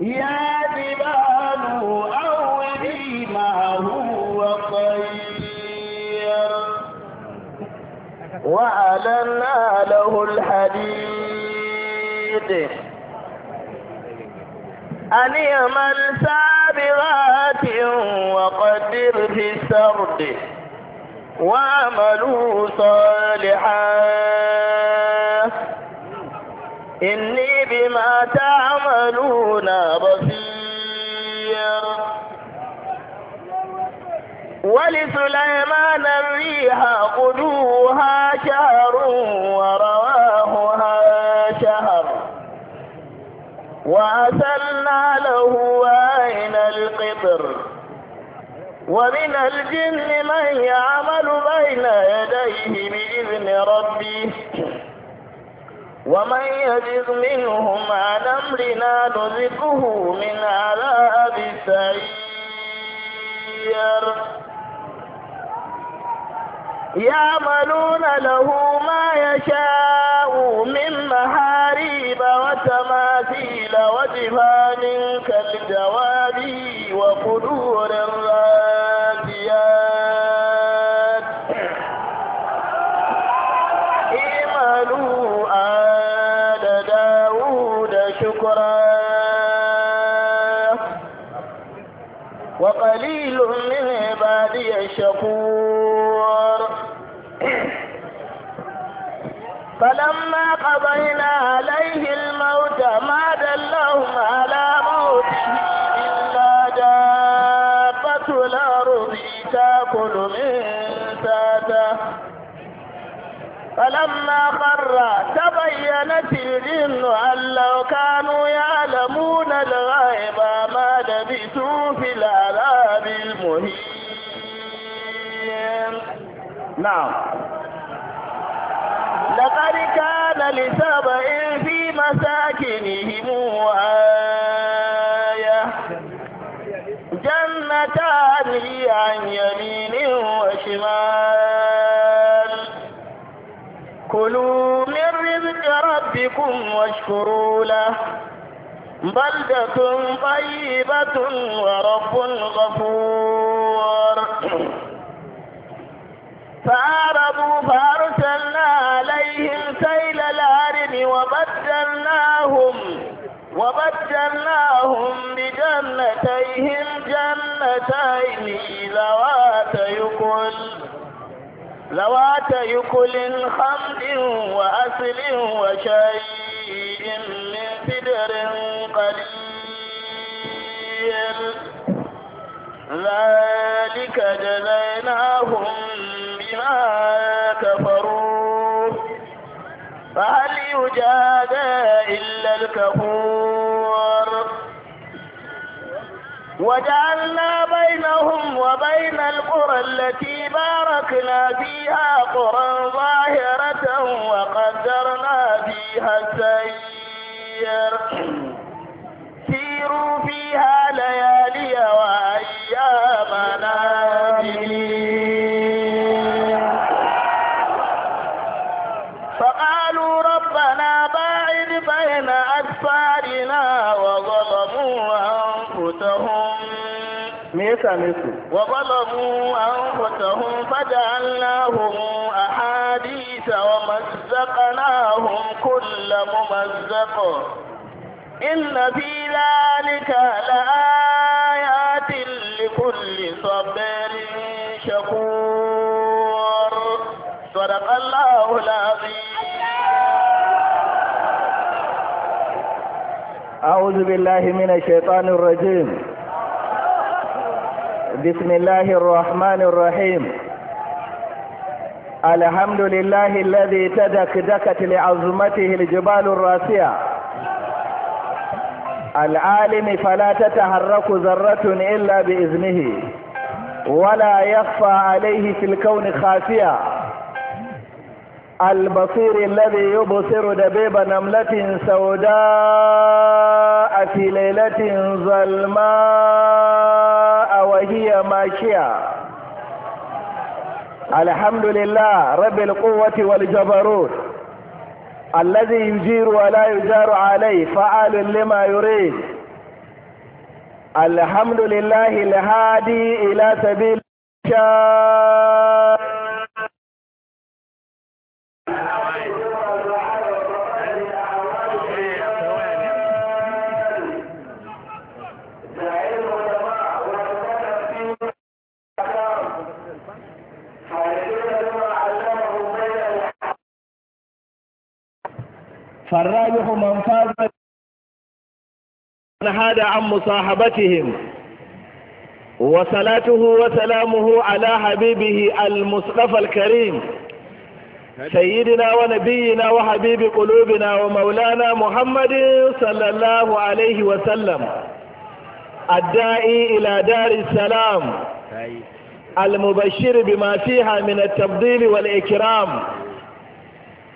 يا جبال أولي ما هو طير وألنا له الحديد أن يعمل سابغات وقدر في السرد وعملوا صالحا إني بما تعملون بصير ولسليمان الريح قدوها شهر ورواهها شهر وأسلنا له عين القطر ومن الجن من يعمل بين يديه بإذن ربه ومن يجد منهم عن أمرنا نذقه من عذاب السعير يعملون له ما يشاء من محاريب وتماثيل وجفان كالجواب وقدور الرأي شكرا وقليل من عبادي الشكور فلما قضينا عليه الموت ما دلهم على موته إلا دابة الأرض تأكل من ساته فلما قر تبينت الجن لو كانوا يعلمون الغيب ما لبثوا في العذاب المهين نعم لقد كان لسبع في مساكنهم آية جنتان عن يمين وشمال كلوا ذكر ربكم واشكروا له بلدة طيبة ورب غفور فأعرضوا فأرسلنا عليهم سيل العرم وبدلناهم وبدلناهم بجنتيهم جنتين ذوات كل ذوات يكل خمد وأسل وشيء من سدر قليل ذلك جزيناهم بما كفروا فهل يجادى إلا الكفور وجعلنا بينهم وبين القرى التي باركنا فيها قرى ظاهرة وقدرنا فيها السير سيروا فيها ليالي ya same su wa zalamu anfusahum faja'alnahum ahadisa wa mazzaqnahum kulla mumazzaq inna fi dhalika laayatin likulli sabirin shakur sadaqallahu alazim أعوذ بالله من الشيطان الرجيم بسم الله الرحمن الرحيم الحمد لله الذي تدكدكت لعظمته الجبال الراسية العالم فلا تتحرك ذرة إلا بإذنه ولا يخفى عليه في الكون خافية البصير الذي يبصر دبيب نملة سوداء في ليلة ظلماء وهي ماشية الحمد لله رب القوة والجبروت الذي يجير ولا يجار عليه فعال لما يريد الحمد لله الهادي إلى سبيل الشام فالرابح من فاز هذا عن مصاحبتهم وصلاته وسلامه على حبيبه المصطفى الكريم سيدنا ونبينا وحبيب قلوبنا ومولانا محمد صلى الله عليه وسلم الداعي إلى دار السلام طيب. المبشر بما فيها من التفضيل والإكرام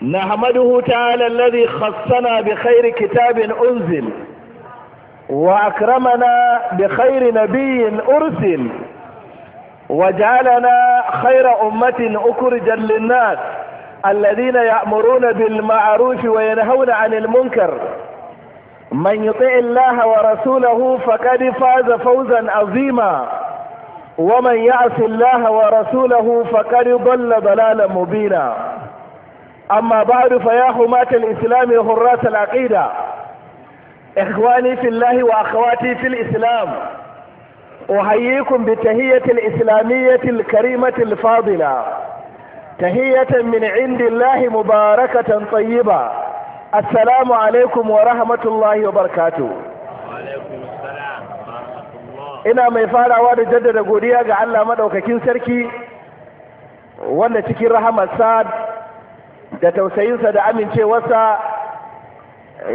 نحمده تعالى الذي خصنا بخير كتاب أنزل وأكرمنا بخير نبي أرسل وجعلنا خير أمة أكرجا للناس الذين يأمرون بالمعروف وينهون عن المنكر من يطع الله ورسوله فقد فاز فوزا عظيما ومن يعص الله ورسوله فقد ضل ضلالا مبينا أما بعد فيا حماة الإسلام وحراس العقيدة إخواني في الله وأخواتي في الإسلام أحييكم بالتهية الإسلامية الكريمة الفاضلة تهية من عند الله مباركة طيبة السلام عليكم ورحمة الله وبركاته وعليكم السلام ورحمة الله ina mai farawa da jaddada godiya ga Allah madaukakin sarki wanda cikin rahamarsa da tausayinsa da amincewarsa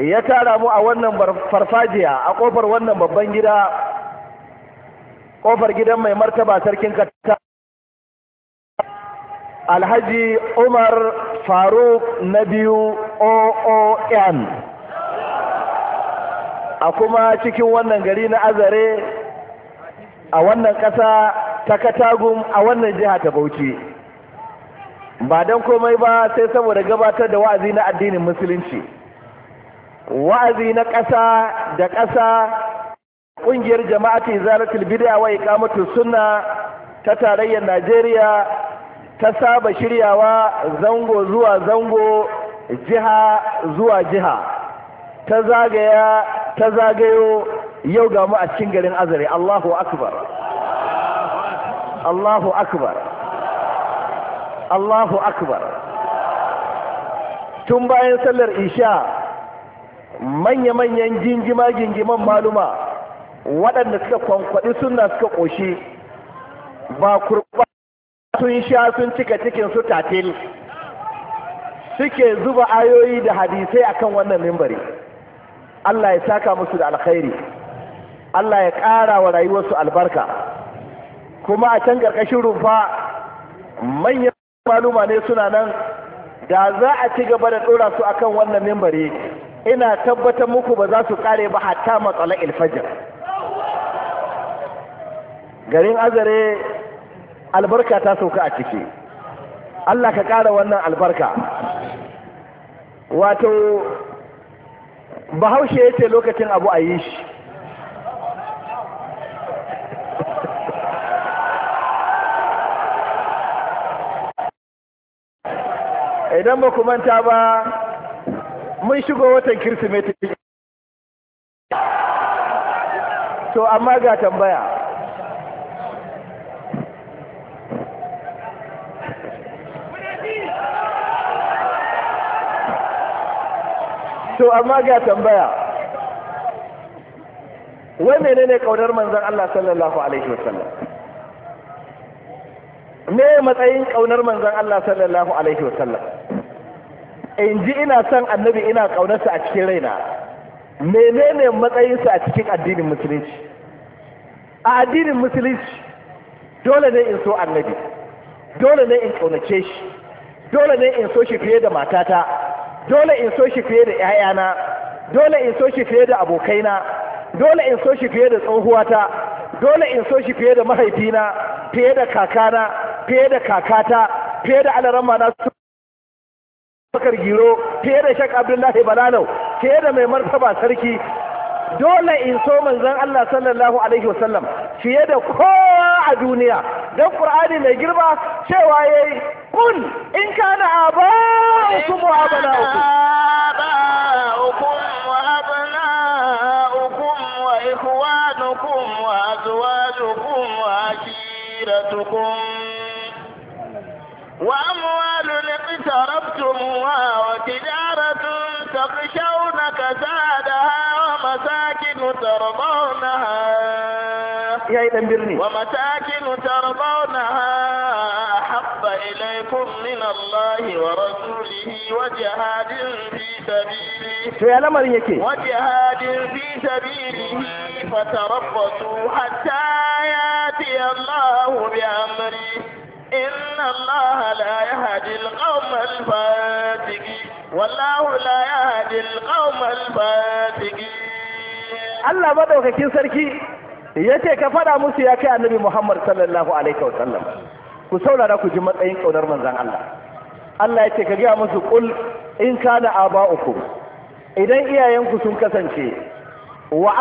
ya tara mu a wannan farfajiya a kofar wannan babban gida kofar gidan mai martaba sarkin katata alhaji umar faruk na biyu oon a kuma cikin wannan gari na azare a wannan ƙasa ta katagun a wannan jiha ta bauchi ba don komai ba sai saboda gabatar da wa'azi na addinin musulunci wa'azi na ƙasa da ƙasa ƙungiyar jama'ati zalatul bid'a wa iqamatu sunna ta tarayyar Najeriya ta saba shiryawa zango zuwa zango jiha zuwa jiha ta zagaya ta zagayo yau ga mu a cikin garin Azare Allahu akbar Allahu akbar Allahu akbar tun bayan sallar isha manya-manyan gingima-gingiman maluma waɗanda suka kwankwaɗi suna suka ƙoshi ba kurba sun sha sun cika cikin su tatil suke zuba ayoyi da hadisai akan wannan mimbari Allah ya saka musu da alkhairi Allah ya ƙara wa rayuwarsu albarka kuma a can ƙarƙashin rumfa manyan maluma ne suna nan da za a ci gaba da ɗora su akan wannan membari, ina tabbatar muku ba za su kare ba hatta matsala ilfajar garin azare albarka ta sauka a ciki Allah ka ƙara wannan albarka wato bahaushe ya ce lokacin abu a yi shi idan ba ku manta ba mun shigo watan kirsimeti to amma ga tambaya to amma ga tambaya wai menene kaunar manzon Allah sallallahu alaihi wasallam me matsayin kaunar manzon Allah sallallahu alaihi wasallam in ji ina son annabi ina ƙaunarsa a cikin raina menene matsayinsa a cikin addinin musulunci a addinin musulunci dole ne in so annabi dole ne in ƙaunace shi dole ne in so shi fiye da matata dole in so shi fiye da 'ya'yana dole in so shi fiye da abokaina dole in so shi fiye da tsohuwata dole in so shi fiye da mahaifina fiye da kakana fiye da kakata fiye da alarama na bakar giro fiye da shak abdullahi balalau fiye da mai martaba sarki dole in so manzon Allah sallallahu alaihi wasallam fiye da kowa a duniya dan qur'ani mai girma cewa yayi kun in kana aba ukum wa abana ukum wa abana اقترفتموها وتجارة تخشون كسادها ومساكن ترضونها ومساكن ترضونها أحب إليكم من الله ورسوله وجهاد في سبيله وجهاد في سبيله فتربصوا حتى يأتي الله بأمره إن الله لا يهدي القوم الفاسقين والله لا يهدي القوم الفاسقين Allah madaukakin sarki yace ka faɗa musu ya kai annabi Muhammad sallallahu alaihi wasallam ku saurara ku ji matsayin kaunar manzon Allah Allah yace ka gaya musu qul in kana uku, idan iyayenku sun kasance wa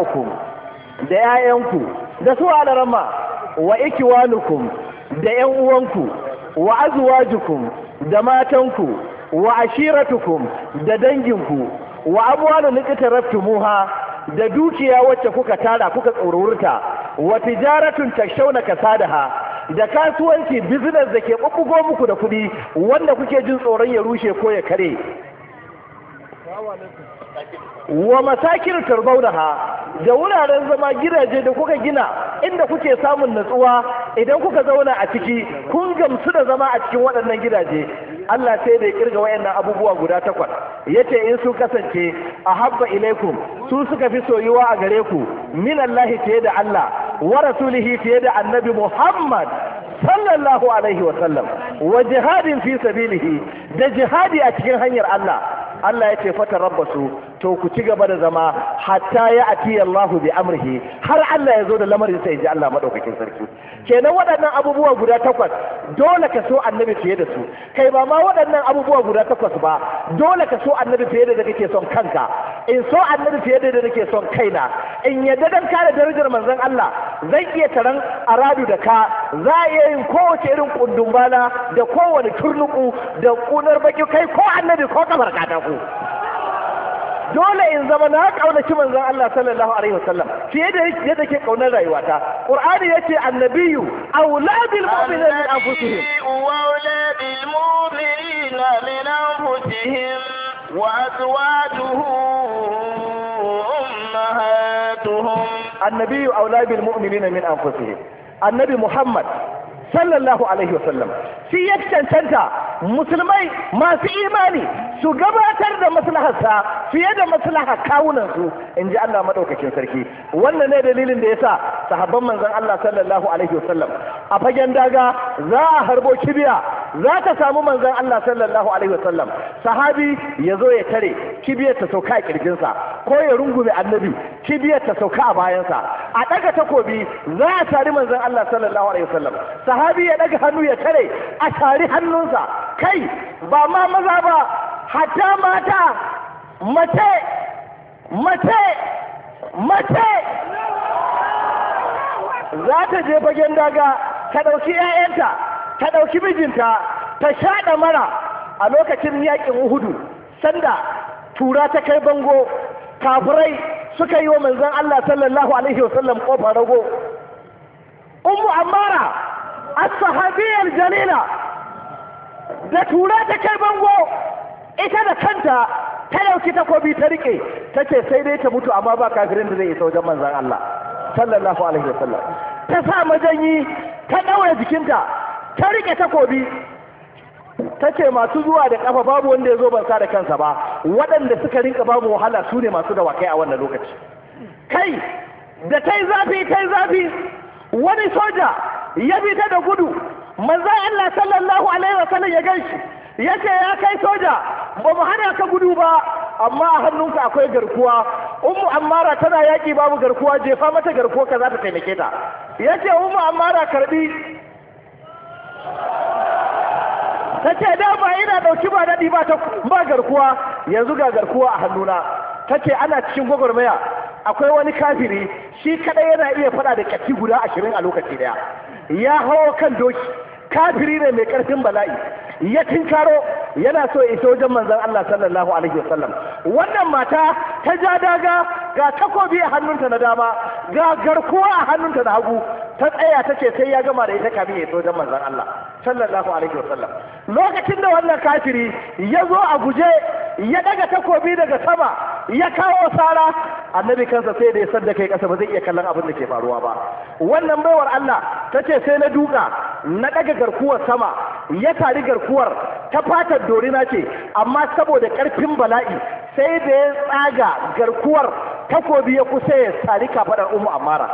uku, da 'ya'yanku da su alarama wa ikiwanukum da ‘yan uwanku wa azwajukum da matanku wa ashiratukum da danginku wa abuwalu liqtaraftumuha da dukiya wacce kuka tara kuka tsorurta wa tijaratun takshawna kasadaha da kasuwanci business da ke bubbugo muku da kuɗi wanda kuke jin tsoron ya rushe ko ya kare wa masakin tarbaunaha da wuraren zama gidaje da kuka gina inda kuke samun natsuwa idan kuka zauna a ciki kun gamsu da zama a cikin waɗannan gidaje Allah sai da ya kirga wayannan abubuwa guda takwas yace in su kasance a habba ilaikum su suka fi soyuwa a gare ku min Allah fiye da Allah wa rasulihi fiye da annabi Muhammad sallallahu alaihi wa sallam wa jihadin fi sabilihi da jihadi a cikin hanyar Allah Allah yace fatarabbasu to ku ci gaba da zama hatta ya ati Allahu bi amrihi har Allah ya zo da lamarin sai ji Allah madaukakin sarki kenan waɗannan abubuwa guda takwas dole ka so annabi fiye da su kai ba ma waɗannan abubuwa guda takwas ba dole ka so annabi fiye da kake son kanka in so annabi fiye da kake son kaina in yadda dan kare darajar manzon Allah zai iya taran aradu da ka za a iya yin kowace irin kundumbala da kowane turnuku da kunar baki kai ko annabi ko kamar katako dole in zama na kaunaci manzon Allah sallallahu alaihi wasallam fiye da yadda ke kaunar rayuwata qur'ani yace annabiyu auladul bil mu'minina min anfusihim wa awla mu'minina min anfusihim wa azwajuhum ummahatuhum annabiyu auladul bil mu'minina min anfusihim annabi muhammad sallallahu alaihi wasallam shi ya cancanta musulmai masu imani su gabatar da maslaharsa fiye da maslahar su in ji Allah maɗaukakin sarki wannan ne dalilin da ya sa sahabban manzon Allah sallallahu alaihi wasallam a fagen daga za a harbo kibiya za ka samu manzon Allah sallallahu alaihi wasallam sahabi ya zo ya tare kibiyar ta sauka a sa ko ya rungume annabi kibiyar ta sauka a bayansa a daga takobi za a tari manzon Allah sallallahu alaihi wasallam sahabi ya daga hannu ya tare a tari hannunsa kai ba ma maza ba hatta mata mace mace mace za ta je fagen daga ta ɗauki 'ya'yanta ta ɗauki mijinta ta shaɗa mara a lokacin yaƙin hudu sanda tura ta kai bango kafirai suka yi wa manzan Allah sallallahu alaihi wasallam kofar rago ummu ammara as sahabiyar jalila da tura ta kai bango ita da kanta ta dauki takobi ta rike tace sai dai ta mutu amma ba kafirin da zai isa wajen manzan Allah sallallahu alaihi wasallam ta sa majanyi ta daura jikinta ta rike takobi ta masu zuwa da kafa babu wanda ya zo ban sa da kansa ba waɗanda suka rinka babu wahala su ne masu kai a wannan lokaci kai da tai zafi tai zafi wani soja ya bi ta da gudu manzo Allah sallallahu alaihi wa sallam ya ganshi yace ya kai soja ba mu hana ka gudu ba amma a hannunka akwai garkuwa ummu ammara tana yaki babu garkuwa jefa mata garkuwa ka za ta taimake ta yace ummu ammara karbi ta ce dama ina ɗauki ba daɗi ba ta ba garkuwa yanzu ga garkuwa a hannuna ta ce ana cikin gwagwarmaya akwai wani kafiri shi kaɗai yana iya faɗa da ƙarfi guda ashirin a lokaci daya ya hawo kan doki kafiri ne mai ƙarfin bala'i ya tinkaro yana so ya isa wajen manzon Allah sallallahu alaihi wasallam wannan mata ta ja daga ga takobi a hannunta na dama ga garkuwa a hannunta na hagu ta tsaya ta ce sai ya gama da ita kafin ya isa wajen manzon Allah sallallahu alaihi wasallam lokacin da wannan kafiri ya zo a guje ya daga takobi daga sama ya kawo sara annabi kansa sai da ya sanda kai kasa ba zai iya kallon abin da ke faruwa ba wannan baiwar Allah ta ce sai na duka na daga garkuwar sama ya tari garkuwar ta fatar dorina ce amma saboda karfin bala'i sai da ya tsaga garkuwar takobi ya kusa ya tari kafaɗar umu amara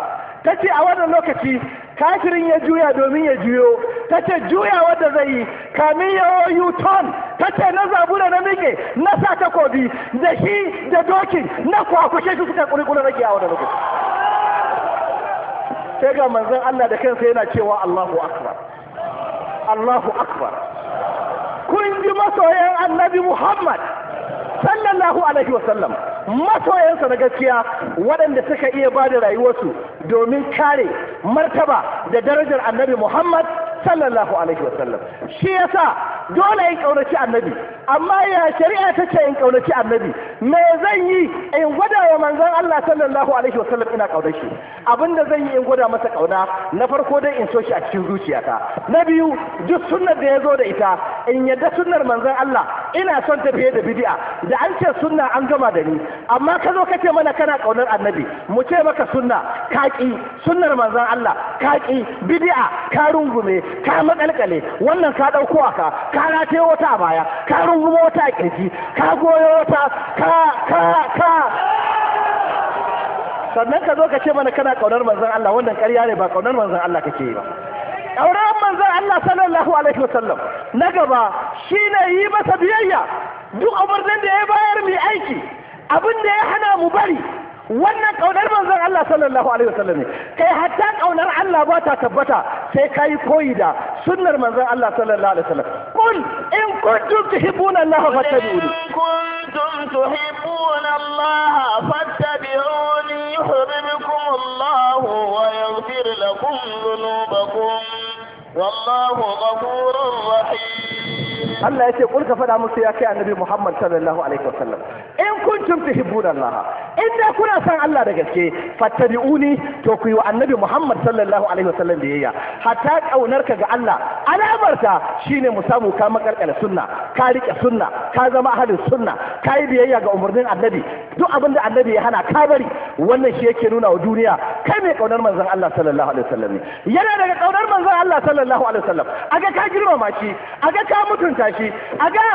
ta ce a wannan lokaci kafirin ya juya domin ya juyo ta ce juya wadda zai yi kamin ya yoyu ton ta ce na zabura na mike na sa takobi da shi da dokin na kwakushe shi suka kurikula rage a wannan lokaci sai ga manzon Allah da kansa yana cewa Allahu akbar Allahu akbar kun ji masoyan annabi Muhammad sallallahu alaihi wasallam masoyansa na gaskiya waɗanda suka iya ba da rayuwarsu domin kare martaba da darajar annabi Muhammad sallallahu alaihi wasallam shi yasa dole in kaunaci annabi amma ya shari'a ta ce in kaunaci annabi me zan yi in gwada wa manzon Allah sallallahu alaihi wasallam ina kaunar shi abinda zan yi in gwada masa kauna na farko dai in so shi a cikin zuciyata na biyu duk sunnar da ya zo da ita in yadda sunnar manzon Allah ina son ta fiye da bid'a da an ce sunna an gama da ni amma ka zo kace mana kana kaunar annabi mu ce maka sunna kaki sunnar manzon Allah kaki bid'a karungume ka makalkale wannan ka ɗauko a ka ka rataye wata baya ka rungumo wata a kirji ka goyo wata ka ka ka sannan ka zo ka ce mana kana kaunar manzon Allah wannan ƙarya ne ba kaunar manzon Allah kake yi ba kaunar manzon Allah sallallahu alaihi wasallam na gaba shi ne yi masa biyayya duk umarnin da ya bayar mu aiki abin da ya hana mu bari wannan kaunar manzon Allah sallallahu alaihi wasallam ne kai hatta kaunar Allah ba ta tabbata sai kai koyi da sunnar manzon Allah sallallahu alaihi wasallam kul in kuntum tuhibbuna Allah fattabi'uni kuntum tuhibbuna Allah fattabi'uni yuhibbukum Allah wa yaghfir lakum dhunubakum wallahu ghafurur rahim Allah yace kul ka fada musu ya kai annabi Muhammad sallallahu alaihi wasallam in kuntum tuhibbuna Allah in da kuna san Allah da gaske fattabi'uni to ku yi wa annabi Muhammad sallallahu alaihi wasallam biyayya hatta kaunar ka ga Allah alamarta shine mu samu ka makarkare sunna ka rike sunna ka zama ahlin sunna ka yi biyayya ga umarnin annabi duk abinda annabi ya hana ka bari wannan shi yake nuna wa duniya kai mai kaunar manzon Allah sallallahu alaihi wasallam yana daga kaunar manzon Allah sallallahu alaihi wasallam aga ka girmama shi aga ka mutunta shi aga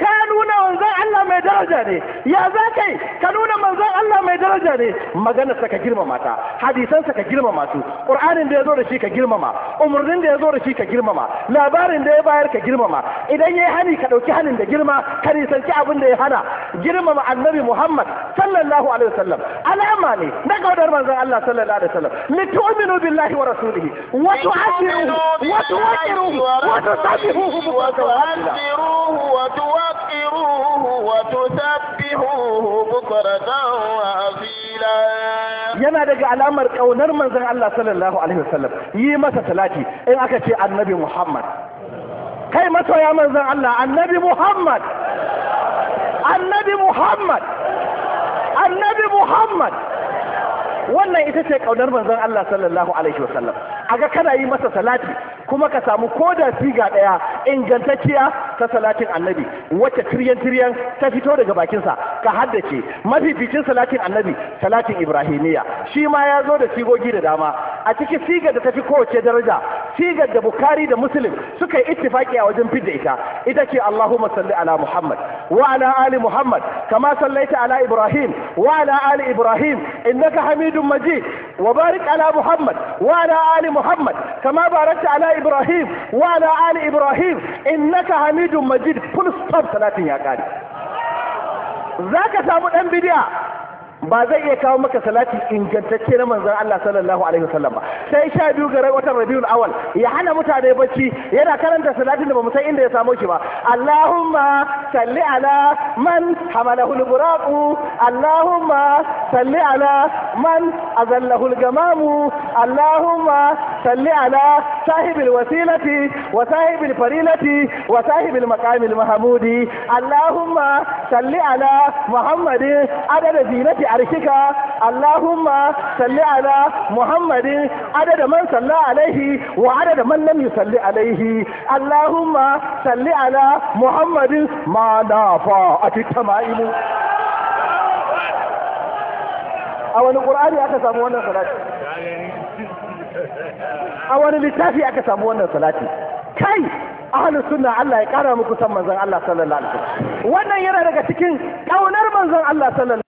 ka nuna manzon Allah mai daraja ne ya za kai ka nuna manzon Allah mai daraja ne magana sa ka girmama ta hadisan ka girmama su qur'anin da ya zo da shi ka girmama umarnin da ya zo da shi ka girmama labarin da ya bayar ka girmama idan yayi hani ka ɗauki hanin da girma ka nisanci abin da ya hana girmama annabi Muhammad sallallahu alaihi wasallam alama rahama ne na gaudar manzon Allah sallallahu alaihi wasallam billahi wa rasulihi wa tu'azziruhu wa tuwaqqiruhu wa tusabbihuhu wa tuwaqqiruhu wa tuwaqqiruhu wa tusabbihuhu bukratan wa asila yana daga alamar kaunar manzon Allah sallallahu alaihi wasallam yi masa salati in aka ce annabi Muhammad kai masoya manzon Allah annabi Muhammad annabi Muhammad annabi Muhammad wannan ita ce kaunar manzon Allah sallallahu alaihi wasallam aga kana yi masa salati kuma ka samu ko da siga daya ingantacciya ta salatin annabi wacce tiryan tiryan ta fito daga bakinsa ka haddace mafificin salatin annabi salatin ibrahimiya shi ma ya zo da sigogi da dama a cikin sigar da ta fi kowace daraja sigar da bukari da muslim suka yi ittifaki a wajen fidda ita ita ce allahumma salli ala muhammad wa ala ali muhammad kama sallaita ala ibrahim wa ala ali ibrahim innaka hamidu حميد مجيد وبارك على محمد وعلى آل محمد كما باركت على إبراهيم وعلى آل إبراهيم إنك حميد مجيد كل ستوب ثلاثين يا قاري ذاك سامو دان بيديا ba zai iya kawo maka salati ingantacce na manzon Allah sallallahu alaihi wasallam ba sai sha biyu ga watan Rabiul Awal ya hana mutane bacci yana karanta salatin da bamu san inda ya samo shi ba Allahumma salli ala man hamalahu al-buraqu Allahumma salli ala man azallahu al-gamamu Allahumma salli ala sahibil wasilati wa sahibil farilati wa sahibil maqamil mahmudi Allahumma salli ala Muhammadin adada zinati عرشك اللهم صل على محمد عدد من wa عليه وعدد من لم يصل عليه اللهم صل على محمد ما a wani ƙur'ani aka samu wannan salati a wani littafi aka samu wannan salati kai ahlus sunna Allah ya kara muku san manzon Allah sallallahu alaihi wasallam wannan yana daga cikin kaunar manzon Allah sallallahu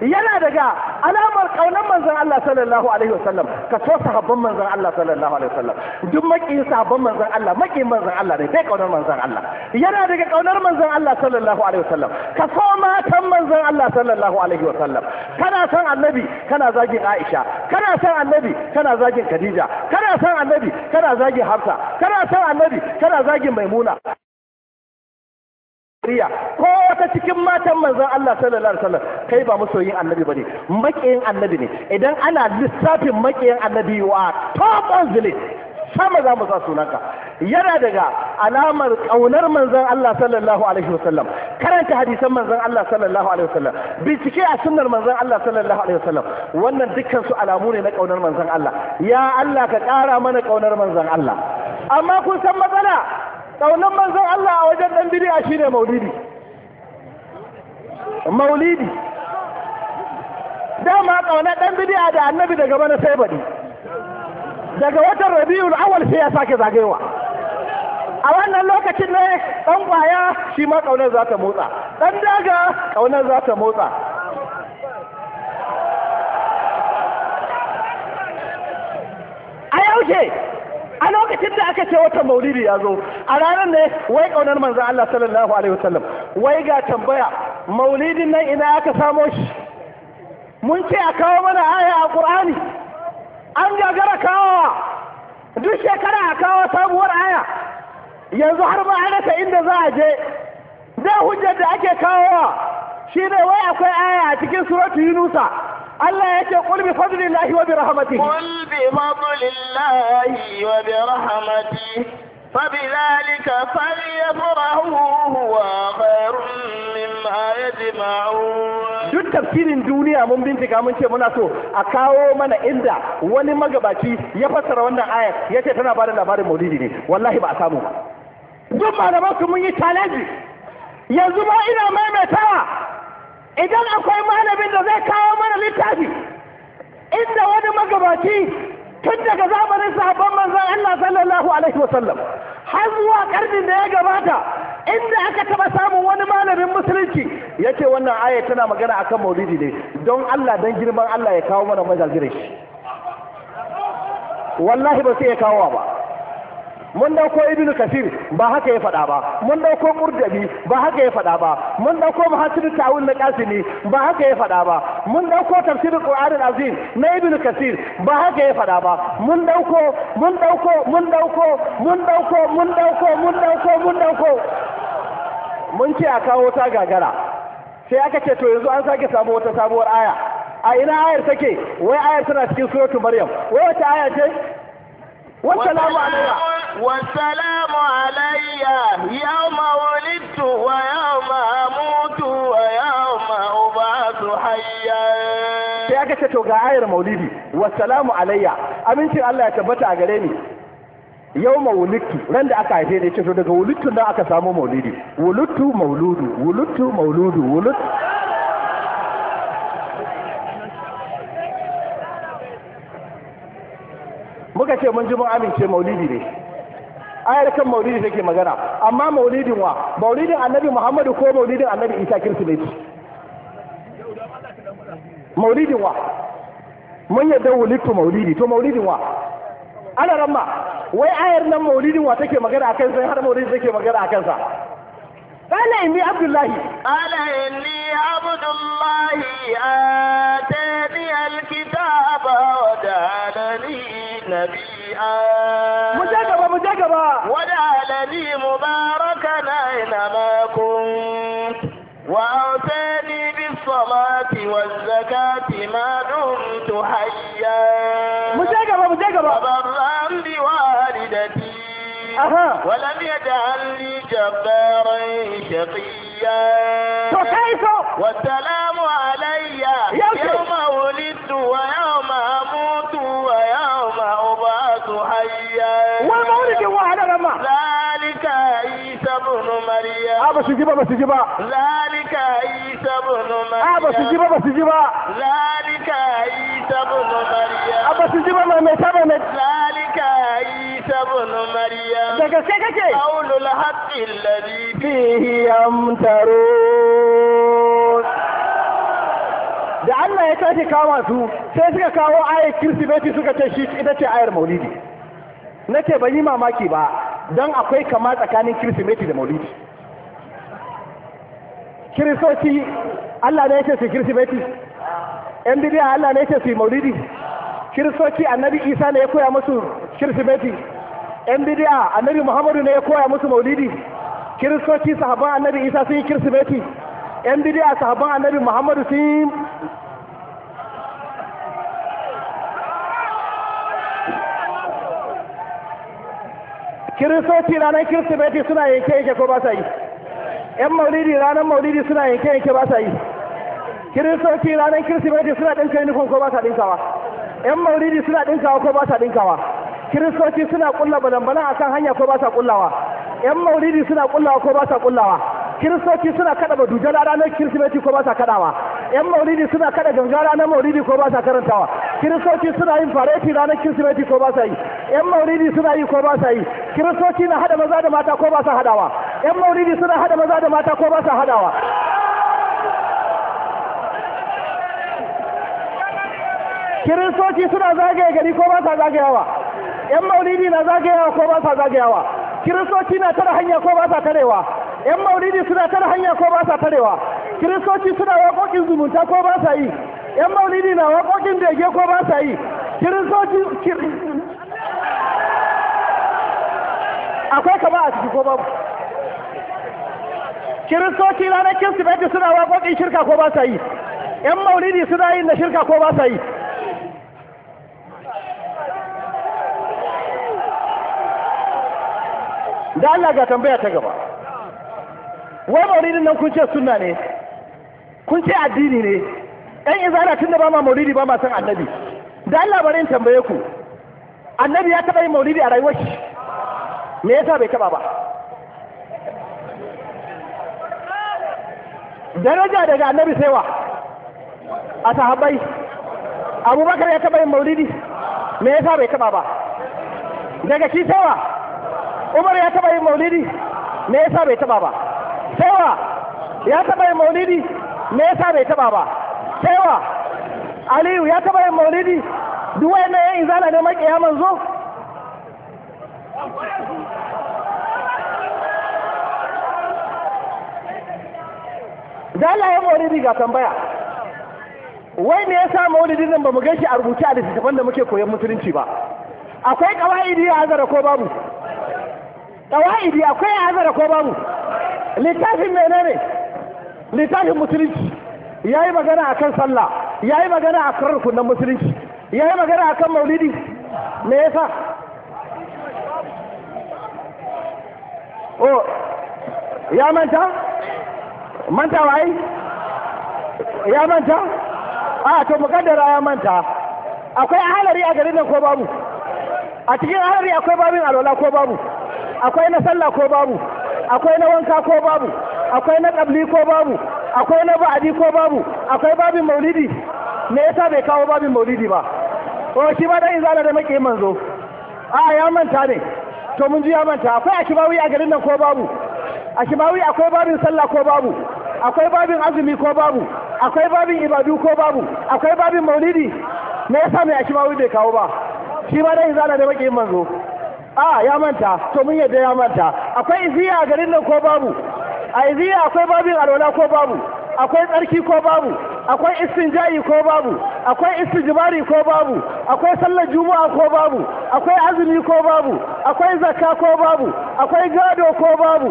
yana daga alamar kaunar manzon Allah sallallahu alaihi wasallam ka so sahabban manzon Allah sallallahu alaihi wasallam duk maki sahabban manzon Allah maki manzon Allah ne bai kaunar manzon Allah yana daga kaunar manzon Allah sallallahu alaihi wasallam ka so matan manzon Allah sallallahu alaihi wasallam kana son annabi kana zagin Aisha kana son annabi kana zagin Khadija kana son annabi kana zagin Hafsa kana son annabi kana zagin Maimuna Maria ko ta cikin matan manzon Allah sallallahu alaihi wasallam kai ba masoyin annabi bane makiyin annabi ne idan ana lissafin makiyin annabi wa top on the list sama za mu sa sunanka yana daga alamar kaunar manzon Allah sallallahu alaihi wasallam karanta hadisan manzon Allah sallallahu alaihi wasallam bincike a sunnar manzon Allah sallallahu alaihi wasallam wannan dukkan su alamu ne na kaunar manzon Allah ya Allah ka kara mana kaunar manzon Allah amma kun san matsala ƙaunar manzan Allah a wajen ɗan shi ne maulidi maulidi dama ƙaunar ɗan bid'a da annabi daga bana sai baɗi daga watan rabi'ul awal sai ya sake zagayewa a wannan lokacin ne ɗan ƙwaya shi ma ƙaunar za ta motsa ɗan daga ƙaunar za ta motsa a yaushe a lokacin da aka ce wata maulidi ya zo a ranar ne wai kaunar manzo Allah sallallahu alaihi wasallam wai ga tambaya maulidin nan ina aka samo shi mun ce a kawo mana aya a Qur'ani an gagara kawowa duk shekara a kawo sabuwar aya yanzu har ba inda za a je da hujjar da ake kawowa shine wai akwai aya a cikin suratu yunusa Allah ya ce ƙulbi fadlin lahi wa bi rahamati. Ƙulbi fadlin lahi wa bi rahmatihi فبذلك فليفرحوا هو خير مما يجمعون duk tafsirin duniya mun bincika mun ce muna so a kawo mana inda wani magabaci ya fassara wannan aya ya ce tana bada labarin maulidi ne wallahi ba a samu ba duk malaman su mun yi challenge yanzu ma ina maimaitawa idan akwai malamin da zai kawo mana littafi inda wani magabaci tun daga zamanin sahabban manzon Allah sallallahu alaihi wasallam har zuwa karnin da ya gabata inda aka taba samun wani malamin musulunci yace wannan aya tana magana akan maulidi ne don Allah don girman Allah ya kawo mana majalgirin shi wallahi ba sai ya kawo ba mun dauko ibnu kasir ba haka ya faɗa ba mun dauko qurdabi ba haka ya faɗa ba mun dauko muhassib ta'awul na qasimi ba haka ya faɗa ba mun dauko tafsir qur'an azim na ibnu kasir ba haka ya faɗa ba mun dauko mun dauko mun dauko mun dauko mun dauko mun dauko mun dauko mun ce a kawo ta gagara sai aka ce to yanzu an sake samu wata sabuwar aya a ina ayar take wai ayar tana cikin suratul maryam wai wata aya ce والسلام علي والسلام علي يوم ولدت ويوم أموت ويوم أبعث حيا sai aka ce to ga ayar maulidi salamu alayya amincin Allah ya tabbata a gare ni yau mawulittu ran da aka haife ne ce to daga wulittu da aka samu maulidi wuluttu mauludu wuluttu mauludu wuluttu ce mun ji mun amince maulidi ne ayar kan maulidi take magana amma maulidin wa maulidin annabi muhammadu ko maulidin annabi isa kirsimeti maulidin wa mun yadda wulittu maulidi to maulidin wa ana ramma wai ayar nan maulidin wa take magana akan sai har maulidi take magana akan sa قال إني عبد الله قال إني عبد الله آتاني الكتاب وجعلني نبيا شيئا مجاكبة مجاكبة وجعل لي مباركا أينما كنت وأوتاني بالصلاة والزكاة ما دمت حيا مجاكبة مجاكبة وبرا بوالدتي أها. ولم يجعلني جبارا شقيا والسلام علي يوم ولي ba su ji ba ba su ji ba zalika isa ibn maryam ba su ji ba ba su ji ba zalika isa ibn maryam ba su ji ba ma mai taba mai zalika isa ibn mariya daga sai kake aulul haqqi alladhi fihi yamtarun da Allah ya tashi kama su sai suka kawo ayar kirsimeti suka ce shi ita ce ayar maulidi nake ban yi mamaki ba don akwai kama tsakanin kirsimeti da maulidi kiristoci Allah ne yake su kirsimeti yan bidiya Allah ne yake su maulidi kiristoci annabi isa ne ya koya musu kirsimeti yan bidiya annabi muhammadu ne ya koya musu maulidi kiristoci sahaban annabi isa sun yi kirsimeti yan bidiya sahaban annabi muhammadu sun yi kiristoci ranar kirsimeti suna yanke yake ko ba sa yi yan maulidi ranar maulidi suna yanke yanke ba sa yi kiristoci ranar kirsimeti suna ɗinka uniform ko ba sa ɗinkawa yan maulidi suna ɗinkawa ko ba sa ɗinkawa kiristoci suna ƙulla balambala a kan hanya ko ba sa ƙullawa yan maulidi suna ƙullawa ko ba sa ƙullawa kiristoci suna kada ba dujala ranar kirsimeti ko ba sa kadawa yan maulidi suna kada ganga ranar maulidi ko ba sa karantawa kiristoci suna yin fareti ranar kirsimeti ko ba sa yi yan maulidi suna yi ko ba sa yi kiristoci na hada maza da mata ko ba sa hadawa yan maulidi suna hada maza da mata ko ba sa hadawa kiristoci suna zagaye gari ko ba sa zagayawa yan maulidi na zagayawa ko ba sa zagayawa kiristoci na tara hanya ko ba sa tarewa yan maulidi suna tare hanya ko ba sa tarewa kiristoci suna waƙoƙin zumunta ko ba sa yi yan maulidi na waƙoƙin dege ko ba sa yi kiristoci akwai kama a ciki ko babu kiristoci ranar kirsimeti suna waƙoƙin shirka ko ba sa yi yan maulidi suna yin da shirka ko ba sa yi da Allah ga tambaya ta gaba wai maulidin nan kun ce sunna ne kun ce addini ne ɗan izara tun da ba ma maulidi ba ma san annabi da Allah bari in tambaye ku annabi ya taɓa yin maulidi a rayuwar shi me yasa bai taɓa ba daraja daga annabi sai wa a sahabbai abubakar ya taɓa yin maulidi me yasa bai taɓa ba daga shi sai wa umar ya taɓa yin maulidi me yasa bai taɓa ba taiwa ya taba yin maulidi me yasa bai taba ba taiwa aliyu ya taba yin maulidi duk wayannan yin zana ne ya manzo da Allah ya maulidi ga tambaya wai me yasa maulidin nan mu gaishe a rubuce a littattafan da muke koyon musulunci ba akwai kawai a azara ko babu kawaidi akwai azara ko babu littafin menene littafin musulunci ya yi magana a kan sallah ya yi magana a kan rukunan musulunci ya yi magana a kan maulidi me yasa o oh, ya manta manta wai ya manta a to mukaddara ya manta akwai halari a garin nan ko babu a cikin halari akwai babin alwala ko babu akwai na sallah ko babu akwai na wanka ko babu akwai na ƙabli ko babu akwai na ba'adi ko babu akwai babin maulidi me yasa bai kawo babin maulidi ba ko shi ba dan izala da make manzo a ya manta ne to mun ji ya manta akwai akibawi a garin nan ko babu akibawi akwai babin sallah ko babu akwai babin azumi ko babu akwai babin ibadu ko babu akwai babin maulidi me yasa mai akibawi bai kawo ba shi ba dan izala da make manzo a ya manta to mun yadda ya manta akwai iziya a garin nan ko babu a iziya akwai babin alwala ko babu akwai tsarki ko babu akwai istinja'i ko babu akwai istijbari ko babu akwai sallar juma'a ko babu akwai azumi ko babu akwai zakka ko babu akwai gado ko babu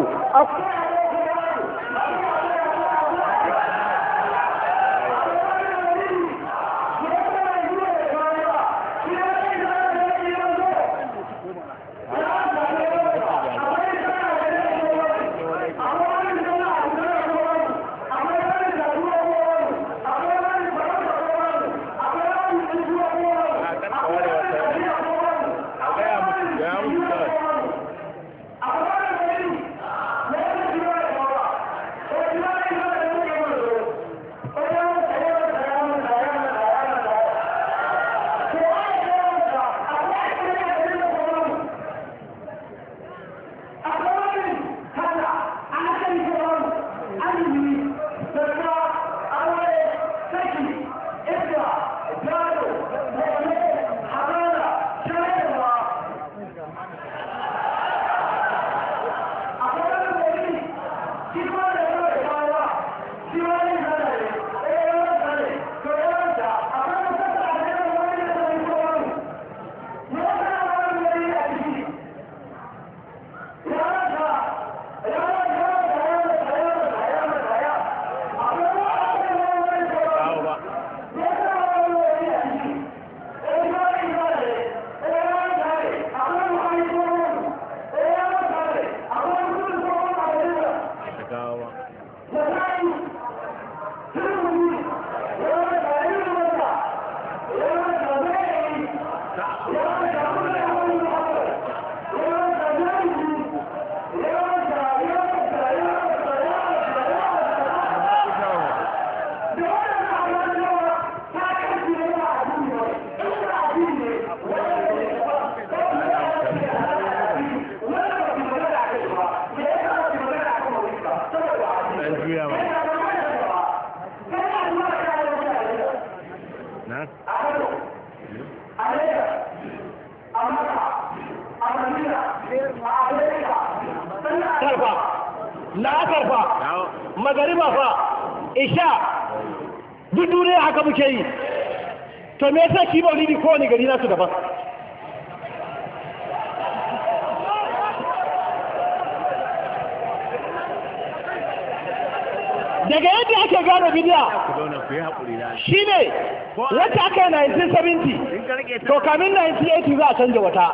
a canja wata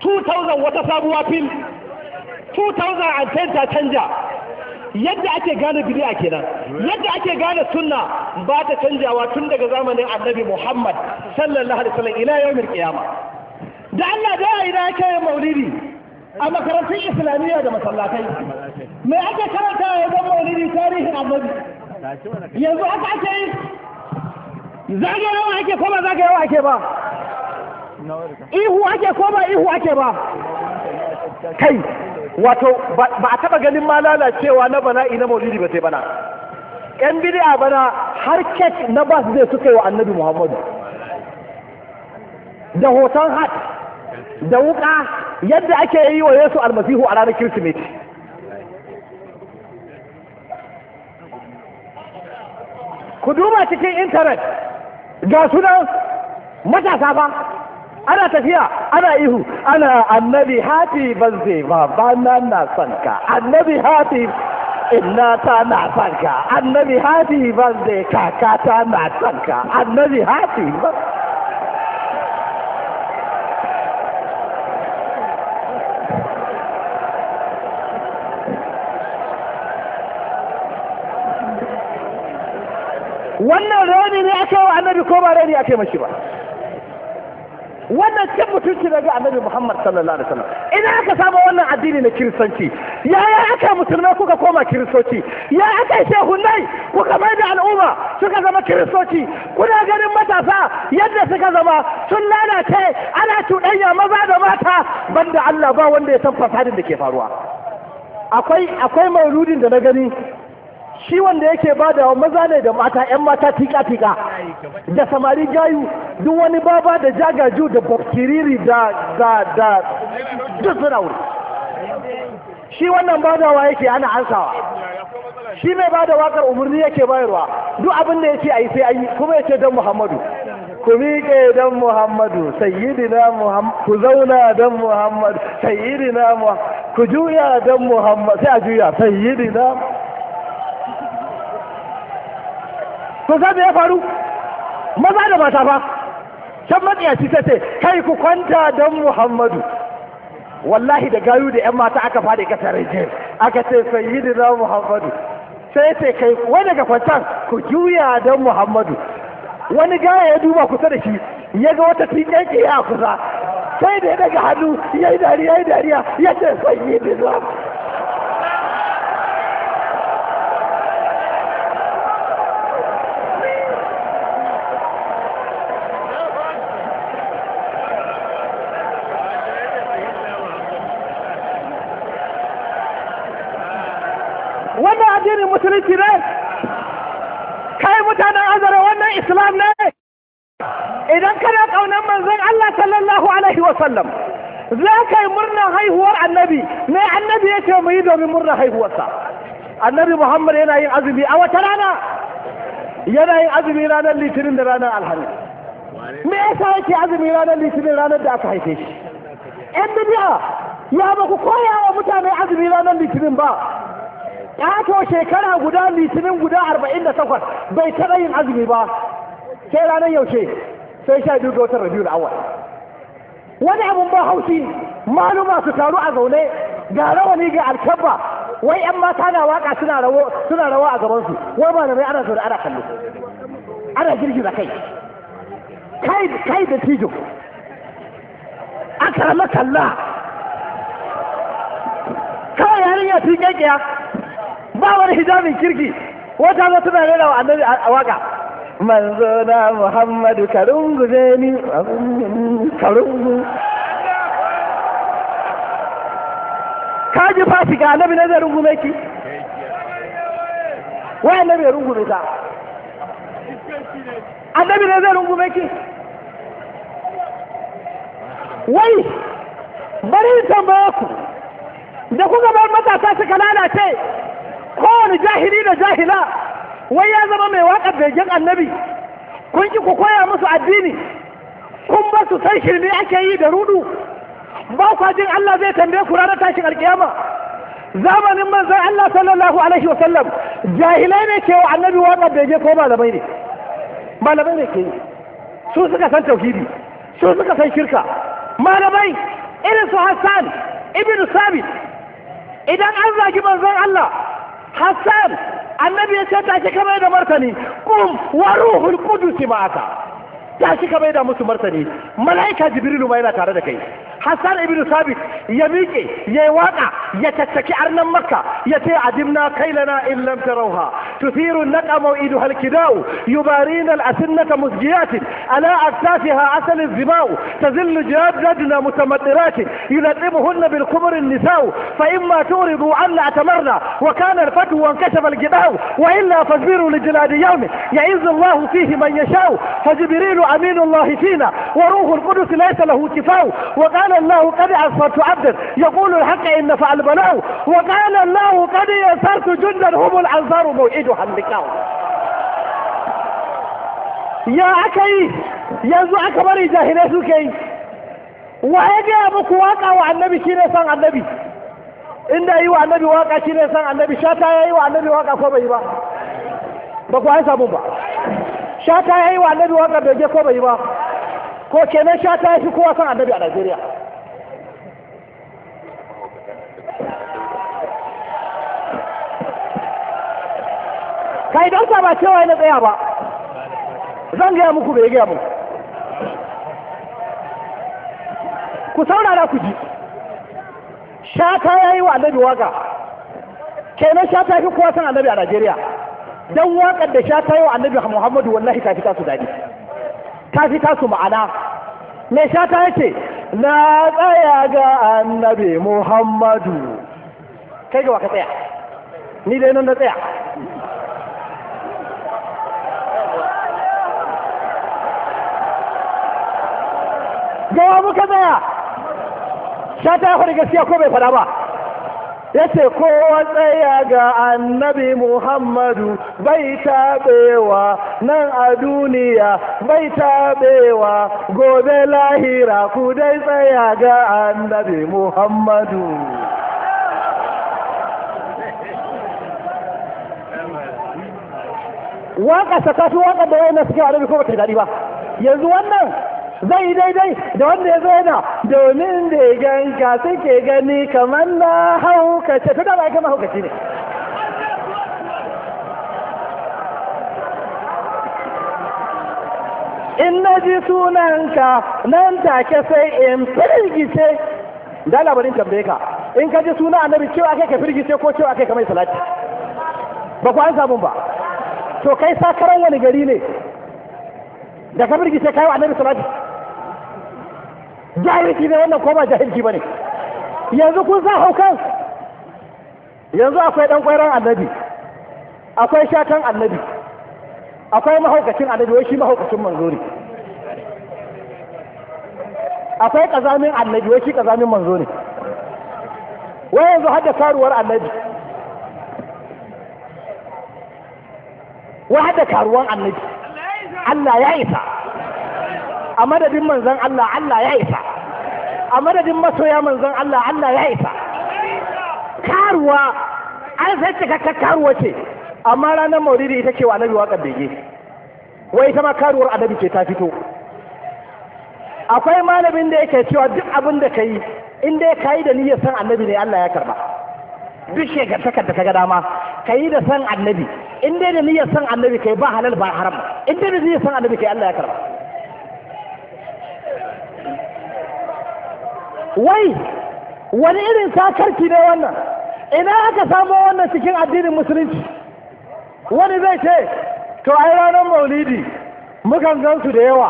2000 wata sabuwa fil 2010 ta canja yadda ake gane bid'a kenan yadda ake gane sunna ba ta canjawa tun daga zamanin annabi Muhammad sallallahu alaihi wasallam ila yawmil qiyama da Allah da ya ina yake maulidi a makarantun islamiyya da masallatai me ake karanta ya zama maulidi tarihin annabi yanzu aka ake yi zagayawa ake ko ba zagayawa ake ba ihu ake ko ba ihu ake ba kai wato ba a taba ganin ma lalacewa na bana na maulidi ba sai bana yan bid'a bana har kek na bas zai suka yi wa annabi muhammadu da hoton hat da wuka yadda ake yi wa yesu almasihu a ranar kirsimeti ku duba cikin intanet ga sunan matasa ba ana tafiya ana ihu ana annabi happy birthday babana na son ka annabi inna ta na son ka annabi happy birthday kakata na son ka annabi happy birthday wannan rani ne aka yi wa annabi ko ba rani aka yi mashi ba wannan cin mutunci daga annabi Muhammad sallallahu alaihi wasallam idan aka saba wannan addini na kiristanci yaya aka musulmai kuka koma kiristoci ya aka shehunai kuka mai da al'umma suka zama kiristoci kuna ganin matasa yadda suka zama sun lalace ana cuɗanya maza da mata banda Allah ba wanda ya san fasadin da ke faruwa akwai akwai mauludin da na gani shi wanda yake badawa maza ne da mata yan mata tika-tika da samari gayu duk wani baba da jagaju da bakiriri da da da duk wuri shi wannan badawa yake ana ansawa shi mai bada wakar umarni yake bayarwa duk abin da yake a yi sai a yi kuma yake don muhammadu ku miƙe don Muhammadu, sayyidina muhammadu ku zauna don Muhammad, sayyidina muhammadu ku juya don Muhammadu, sai a juya, sayyidina to za ya faru maza da mata ba can matsiyaci ta ce kai ku kwanta don muhammadu wallahi da gayu da 'yan mata aka faɗi ƙasar rijiyar aka ce sayyidina muhammadu sai ce kai wai daga kwantar ku juya don muhammadu wani gaya ya duba kusa da shi ya ga wata tiƙaƙe a kusa sai da ya daga hannu ya yi dariya ya yi dariya ya ce sayyidina addinin musulunci ne kai mutanen azara wannan islam ne idan kana kaunar manzon Allah sallallahu alaihi wa sallam za ka yi murnar haihuwar annabi me annabi ya ce mu yi domin murnar haihuwarsa annabi muhammad yana yin azumi a wata rana yana yin azumi ranar litinin da ranar alhamis me yasa yake azumi ranar litinin ranar da aka haife shi yan bidiya ya ba ku koya wa mutane azumi ranar litinin ba ya to shekara guda litinin guda arba'in da takwas bai taɓa yin azumi ba sai ranar yaushe sai sha biyu ga watan rabiul awal wani abun ba haushi maluma su taru a zaune ga rawani ga alkabba wai yan mata na waka suna rawa suna rawa a gaban su wai ba mai ana zaune ana kallo ana girgiza kai kai kai da tijo aka kalla kawai yarinya fi kekiya ba wani hijabin kirki wata su tana rera wa annabi a waka manzo na muhammadu karungu ni karungu kaji ga annabi na zai rungume ki wai annabi ya rungume ta annabi na zai rungume ki wai bari tambaya ku da kuka bar matasa suka lalace kowane jahili da jahila wai ya zama mai waƙar begen annabi kun ki ku koya musu addini kun ba su san shirme ake yi da rudu ba kwa jin Allah zai tambaye ku ranar tashin alkiyama zamanin manzon Allah sallallahu alaihi wa sallam. jahilai ne ke wa annabi waƙar bege ko malamai ne malamai ne ke yi su suka san tauhidi su suka san shirka malamai irin su Hassan ibn Sabit idan an zagi manzon Allah Hassan annabi ya ce tashi ka mai da martani kum wa ruhul qudusi ma'aka tashi ka mai da musu martani mala'ika jibrilu ma yana tare da kai Hassan ibn Sabit ya miƙe yayi waka عرنا مكة يتي عدمنا كيلنا إن لم تروها تثير الندأ موئدها الكداء يبارين الأسنة مسجيات على أكتافها عسل الزباء تزل جادنا متمطرات يلطمهن بالكبر النساء فإما تعرضوا عنا اعتمرنا وكان الفتو وانكشف الجباء وإلا فاجبروا لجلاد يوم يعز الله فيه من يشاء فجبريل أمين الله فينا وروح القدس ليس له كفاء وقال الله قد عصرت عبدا يقول الحق إن فعل البلاء وقال الله قد يسرت جندا هم الأنصار موعدها اللقاء يا أكي yanzu aka bari jahilai suke yi wa ya gaya muku waka wa annabi shi ne san annabi inda yi wa annabi waka shi ne san annabi shata ya yi wa annabi waka ko bai yi ba ba ku haisa mun ba shata ya yi wa annabi waka bai je ko bai yi ba ko kenan shata ya fi kowa san annabi a najeriya kai don ba cewa na tsaya ba zan gaya muku bai gaya muku ku saurara ku ji shata ya yi wa annabi waka kenan shata fi kowa san annabi a najeriya don wakar da shata yi wa annabi muhammadu wallahi ta fi tasu daɗi ta fi tasu ma'ana mai shata yake na tsaya ga annabi muhammadu kai ga waka tsaya ni dai nan na tsaya ga muka tsaya sha ta faɗi gaskiya ko bai faɗa ba ya ce kowa tsaya ga annabi muhammadu bai taɓewa nan a duniya bai taɓewa gobe lahira ku dai tsaya ga annabi muhammadu waƙa ta tafi waƙa da yana suke wa ko ba ta daɗi ba yanzu wannan zai daidai da wanda ya da domin da ya ganka suke gani kamar na haukace to ba kama haukace ne in na ji sunanka nan take sai in firgice da labarin tambaye ka in ka ji suna annabi cewa kai ka firgice ko cewa kai kamar salati ba ku an samu ba to kai sakaran wani gari ne da ka firgice kai wa annabi salati jahilci ne wannan ko ba jahilci ba ne yanzu kun sa haukan yanzu akwai ɗan ƙwairan annabi akwai shatan annabi akwai mahaukacin annabi wai shi mahaukacin manzo ne akwai ƙazamin annabi wai shi ƙazamin manzo ne wai yanzu hadda karuwar annabi wai hadda karuwan annabi Allah ya isa a madadin manzan Allah Allah ya isa a madadin masoya manzon Allah Allah ya isa karuwa an sai cikakkar karuwa ce amma ranar mauridi ita ce wa annabi waƙar bege wai ita ma karuwar annabi ce ta fito akwai malamin da yake cewa duk abin da ka yi in dai ka yi da niyyar san annabi ne Allah ya karba duk shekartakar da ka ga dama ka yi da san annabi in dai da niyyar san annabi ka yi ba halal ba haram in dai da niyyar san annabi ka yi Allah ya karba wai wani irin sakarki ne wannan ina aka samo wannan cikin addinin musulunci wani zai ce to ai ranar maulidi mukan gansu da yawa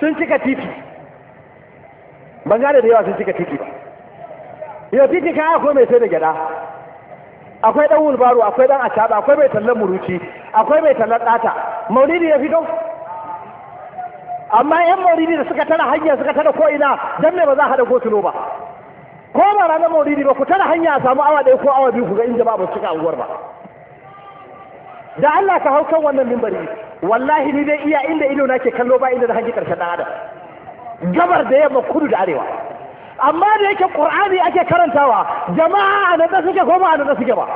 sun cika titi ban gane da yawa sun cika titi ba yau titi ka? akwai mai sai da gyada akwai ɗan wulbaru, akwai ɗan acaba akwai mai tallan muruci akwai mai tallan ɗata maulidi ya fito amma yan mauridi da suka tara hanya suka tara ko'ina don me ba za a haɗa gosulo ba ko ba ranar mauridi ba ku tara hanya a samu awa ɗaya ko awa biyu ku ga in jama'a ba su cika unguwar ba da Allah ka hau kan wannan mimbari wallahi ni dai iya inda ido na ke kallo ba inda na hanji karshen ɗan adam gabar da yamma kudu da arewa amma da yake Al-Qur'ani ake karantawa jama'a a nan suke ko ba a nan suke ba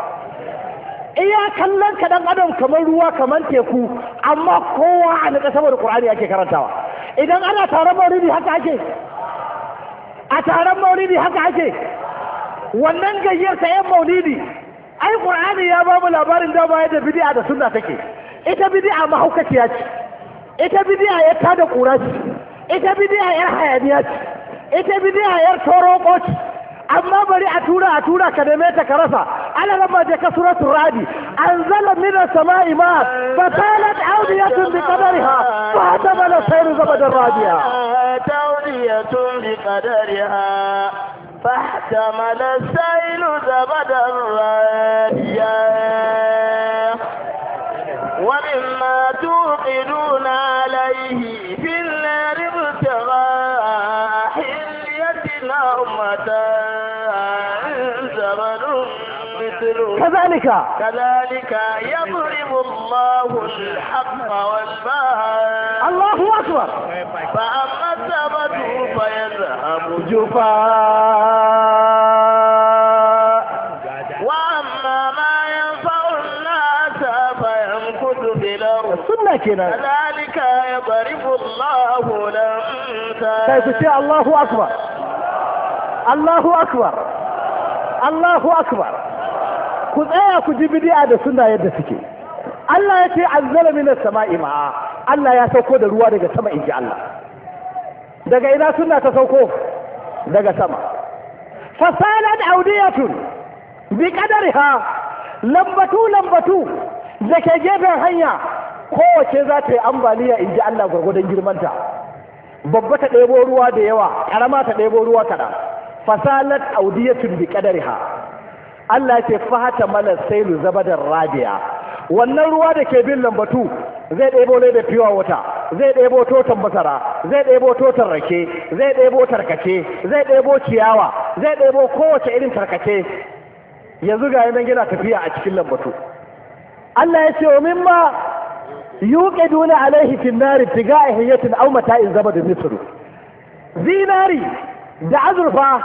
iya kallon ka dan adam kamar ruwa kamar teku amma kowa a nika saboda qur'ani ake karantawa idan ana taron maulidi haka ake a taron maulidi haka ake wannan gayyar ta yan maulidi ai qur'ani ya ba mu labarin da baya da bid'a da sunna take ita bid'a mahaukaciya ce ita bid'a ya tada da ita bid'a yar hayaniya ce ita bid'a yar toroko ce amma bari a tura a tura ka neme ta ka rasa ala rabba je ka suratul radi anzala min as-sama'i ma fatalat awdiyatun bi qadariha fa hatabala sayru zabadan radiya tawdiyatun bi qadariha فاحتمل السيل زبدا راديا ومما توقدون عليه في النار كذلك كذلك يضرب الله الحق والباطل الله أكبر فأما الثبت فيذهب جفاء وأما ما ينفع الناس فيمكث في الأرض كذلك يضرب الله الأمثال طيب، الله أكبر الله أكبر الله أكبر ku tsaya ku ji bidiya da suna yadda suke Allah ya ce an zala minar sama'i ma. Allah ya sauko da ruwa daga sama in ji Allah daga ina suna ta sauko daga sama fasalat audiyatun bi qadariha lambatu lambatu da ke gefen hanya kowace za ta yi ambaliya in ji Allah gwargwadon girmanta babba ta ɗebo ruwa da yawa ƙarama ta ɗebo ruwa kaɗan fasalat audiyatun bi qadariha Allah ya ce fahata mala sailu zabadar radiya wannan ruwa da ke bin lambatu zai ɗebo ne da fiwa wata zai ɗebo totan masara zai ɗebo totan rake zai ɗebo tarkace zai ɗebo ciyawa zai ɗebo kowace irin tarkace yanzu ga yanan yana tafiya a cikin lambatu Allah ya ce wa mimma yuqiduna alaihi fi nari tiga ihyatin aw mata'in zabadun misru zinari da azurfa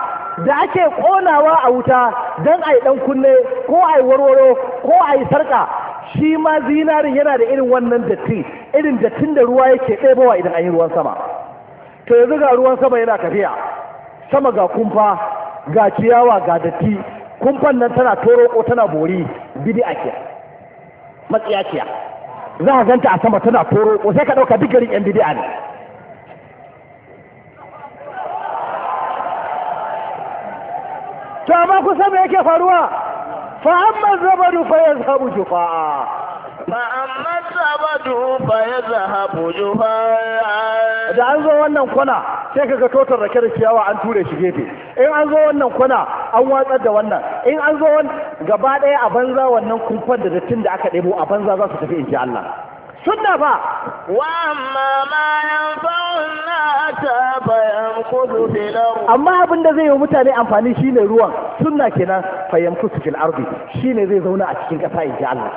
da ake ƙonawa a wuta don a yi ɗan kunne ko a yi warwaro ko a yi sarƙa shi ma zinarin yana da irin wannan datti irin dattin da ruwa yake ɗebowa idan an yi ruwan sama to yanzu ga ruwan sama yana tafiya sama ga kumfa ga ciyawa ga datti kumfan nan tana toroko tana bori bidi ake matsiya za a ganta a sama tana toroko sai ka ɗauka duk garin yan bidi'a ne to amma kusa me yake faruwa fa amma zabadu fa yazhabu jufa'a fa amma zabadu fa yazhabu jufa'a da an zo wannan kwana sai kaga totar rake da ciyawa an ture shi gefe in an zo wannan kwana an watsar da wannan in an zo gaba daya a banza wannan kumfan da dattin da aka ɗebo a banza za su tafi insha Allah sunna ba wa amma ma abin da zai yi wa mutane amfani shine ruwan sunna kenan fayyam kudu fil ardi shine zai zauna a cikin kasa in ji Allah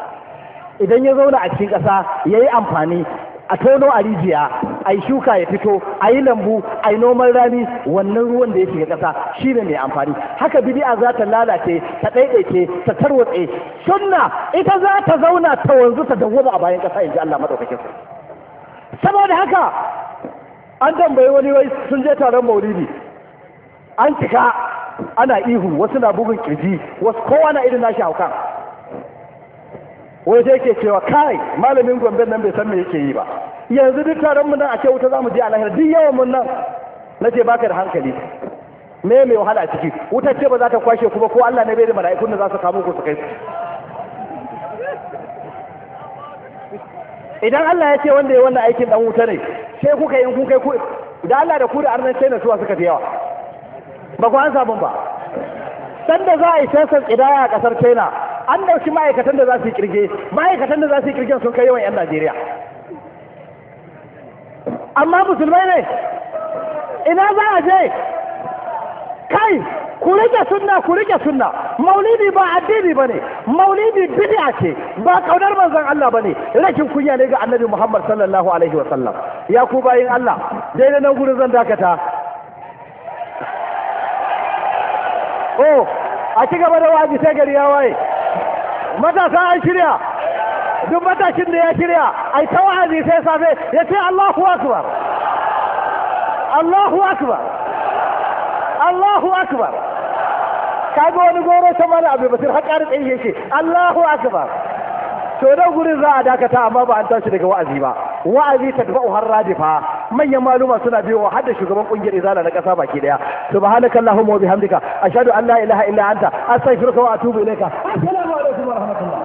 idan ya zauna a cikin ƙasa ya yi amfani a tono a rijiya a yi shuka ya fito a yi lambu a yi noman rani wannan ruwan da ya shiga ƙasa shi ne mai amfani haka bidi'a za ta lalace ta ɗaiɗaice ta tarwatse sunna ita za ta zauna ta wanzu ta dawwama a bayan ƙasa in ji Allah maɗaukakin saboda haka an tambayi wani wai sun je taron maulidi an cika ana ihu wasu na bugun kirji wasu kowa na irin nashi haukan wai sai yake cewa kai malamin gombe nan bai san me yake yi ba yanzu duk taron mu nan a ce wuta zamu je a lahira duk yawan mun nan ce baka da hankali me me wahala ciki wutar ce ba za ta kwashe ku ba ko Allah ne bai da mala'ikun da za su kamo ku su kai su idan Allah ya ce wanda ya wannan aikin dan wuta ne sai kuka yin kuka ku da Allah da ku da arnan sai na suwa suka fi yawa ba ku an sabon ba sanda za a yi sansan idaya a kasar China an dauki ma'aikatan da za su yi kirge ma'aikatan da za su yi kirgen sun kai yawan 'yan najeriya amma musulmai ne ina za a je kai ku rike sunna ku rike sunna maulidi ba addini ba ne, maulidi bid'a ce ba kaunar manzon Allah bane rakin kunya ne ga annabi Muhammad sallallahu alaihi wa sallam ya ku bayin Allah daidai nan gurin zan dakata oh a ci gaba da waji sai gari ya waye matasa an shirya duk matashin da ya shirya ai ta wa'azi sai safe ya ce Allahu akbar Allahu akbar Allahu akbar kaga wani goro ta mala abu basir har ƙarin tsaye yake Allahu akbar to da gurin za a dakata amma ba an tashi daga wa'azi ba wa'azi ta dafa har radifa manyan maluma suna biyo har da shugaban kungiyar izala na kasa baki daya subhanakallahumma wa bihamdika ashhadu an la ilaha illa anta astaghfiruka wa atubu ilayka assalamu alaikum